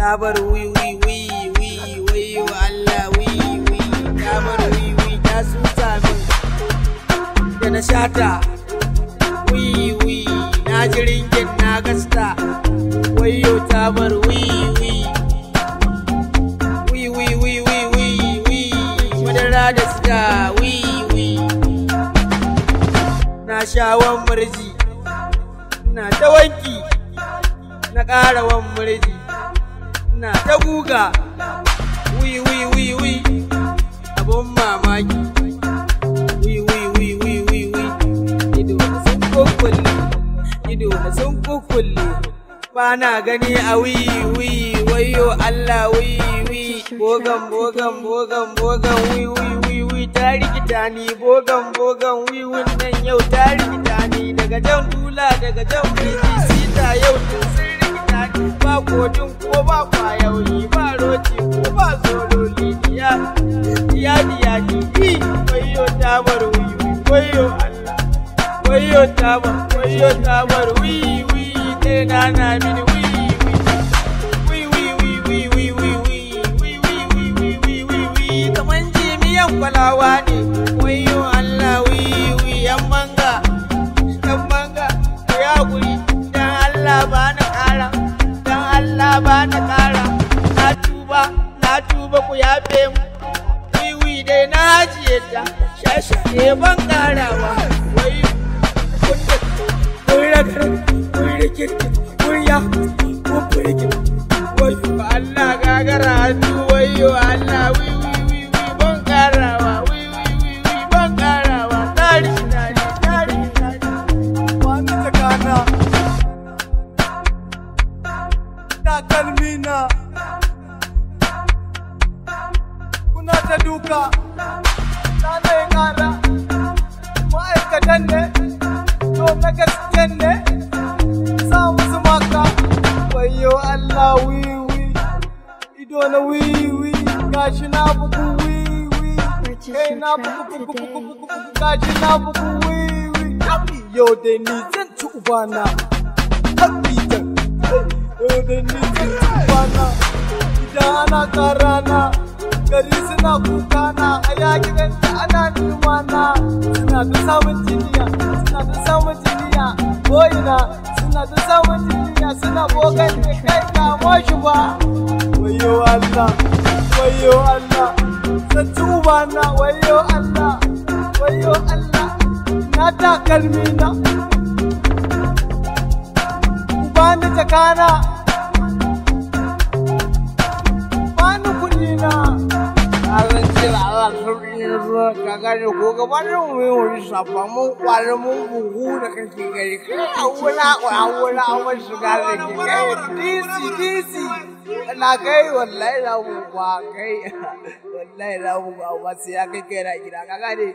ta bar wi wi wi wi wai wa Allah wi wi ta bar wi wi ta suta min da na shata wi wi na jiringin na gasta wayo ta bar wi wi wi wi wi wi wi wi madara da suka wi wi na shawon murji na ta wanki na ƙara wan murji na ta guga wi wi wi wi abun mamaki wi wi wi wi wi wi ido na sun kokulle ido na sun kokulle ba na gani a wi wi wayo Allah wi wi bogan bogan bogan bogan wi wi wi wi ta rikita ni bogan bogan wi wi nan yau ta rikita ni daga jan tula daga jan PTC sita yau ba kojin ko ba kwayoyi ba roci ko ba tsoro liniya ya diya jiki wayo tamar wiwi wayo Allah wayo tamar wayo tamar wiwi dai na na mini ba kara na tuba na tuba ku yafe mu wiwi dai na ajiye ta shashi ne ban karawa wai kun da kun kun rikirki kun ya kun Allah gagara hannu Allah da duka ta zai kara ma'aikatan ne to na gaskiyan ne sa musu maka wayo Allah wiwi ido na wiwi gashi na buku wiwi kai na buku buku buku gashi na buku wiwi da ni zan ci ubana ni ci ubana idan ana karana gari suna kuka na a ya gidan da ana nima na suna da samun jiniya suna da samun jiniya ko'ina suna da samun jiniya suna bokan da kai kamo shi ba wayo Allah wayo Allah sattu ba na wayo Allah wayo Allah na takalmi na ba ni suna kaga da ko gaba da mu yi wani safa mun kwari mun buhu da kake gari kai a wula a wula a wani shiga da ke kai disi disi na kai wallahi na mu ba kai wallahi na mu ba sai ya kai kai na gida kaga ne